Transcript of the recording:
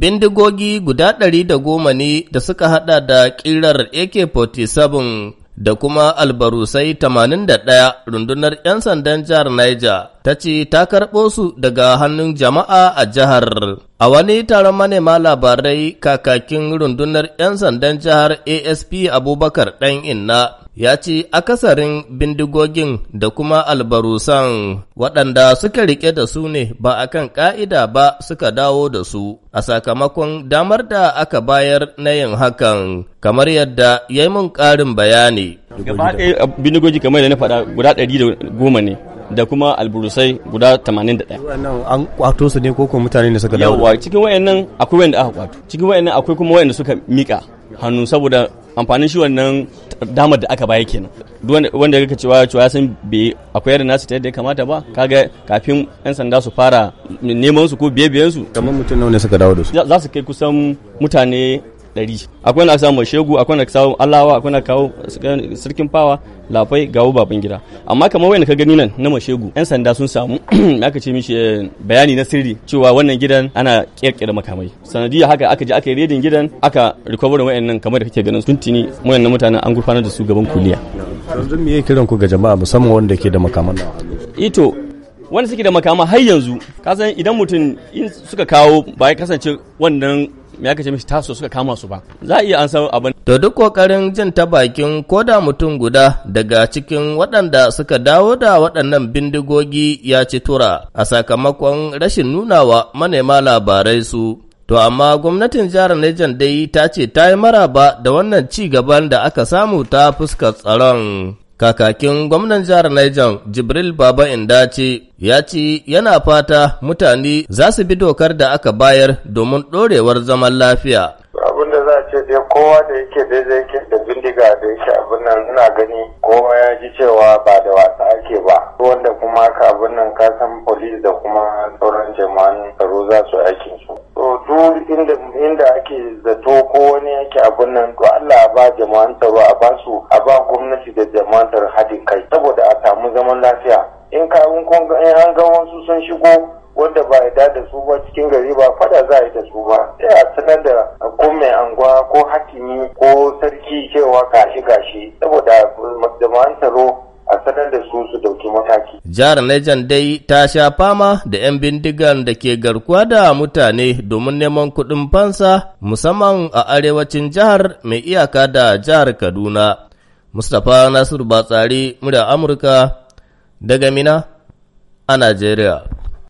Bindigogi guda ɗari da goma ne da suka haɗa da ƙirar AK-47 da kuma albarusai 81 rundunar 'yan sandan jihar Niger ta ce ta karɓo su daga hannun jama'a a jihar. A wani taron manema labarai kakakin rundunar 'yan sandan jihar ASP Abubakar ɗan inna ya ce akasarin bindigogin da kuma albarusan waɗanda suka riƙe da su ne ba a kan ƙa'ida ba suka dawo da su a sakamakon damar da aka bayar na yin hakan kamar yadda ya yi mun ƙarin bayani. Gaba ɗaya bindigogi kamar yadda na faɗa guda ɗari da goma ne. da kuma alburusai guda 81 an kwato su ne koko mutane ne suka dawo yawa cikin wayannan akwai wayanda aka kwato cikin wayannan akwai kuma wayanda suka mika hannu saboda amfanin shi wannan damar da aka baya kenan wanda ya cewa cewa ya san bi akwai yadda nasu ta yadda ya kamata ba kaga kafin yan sanda su fara neman su ko biye biyen su kamar mutum nawa ne suka dawo da su za su kai kusan mutane ɗari akwai na samu shegu akwai na samu alawa akwai na kawo sarkin fawa lafai ga baban gida amma kamar wani ka gani nan na mashegu yan sanda sun samu aka ce mishi eh, bayani na sirri cewa wannan gidan ana kirkira makamai sanadiyya haka aka je aka yi redin gidan aka wayan nan kamar da kake ganin sun tuni na mutanen an gurfanar da su gaban kuliya yanzu me kiran ku ga jama'a musamman wanda ke da makaman ito eh wanda suke da makama har yanzu kasan idan mutum in suka kawo ba ya kasance wannan me aka ce mishi taso suka kama su ba za a iya an san abin to duk kokarin jin ta bakin koda mutum guda daga cikin waɗanda suka dawo da waɗannan bindigogi ya ci tura a sakamakon rashin nunawa manema labarai su To amma gwamnatin jihar Niger dai ta ce ta yi maraba da wannan ci gaban da aka samu ta fuskar tsaron. Kakakin gwamnan jihar Niger Jibril Baba Indace ya ce yana fata mutane za su bi dokar da aka bayar domin ɗorewar zaman lafiya. Abin da za a ce dai kowa da yake daidai yake da bindiga da yake abin nan ina gani kowa ya ji cewa ba da wasa ake ba. Wanda kuma ka abin nan ka san da kuma sauran jama'an tsaro za su aikin su. duk inda ake zato ko wani yake abun nan to Allah ba jama'an tsaro a ba su a ba gwamnati da jama'an tsaro haɗin kai saboda a samu zaman lafiya in ka in an ga wasu sun shigo wanda ba ya da su ba cikin gari ba fada za a yi da su ba sai a sanar da ko mai anguwa ko hakimi ko sarki cewa kashi gashi saboda jama'an tsaro a sanar da su su dauki mataki. Jihar Niger dai ta sha fama da 'yan bindigan da ke garkuwa da mutane domin neman kuɗin fansa musamman a arewacin jihar mai iyaka da jihar Kaduna. Mustapha Nasiru Batsari, murya Amurka, daga Mina a Najeriya.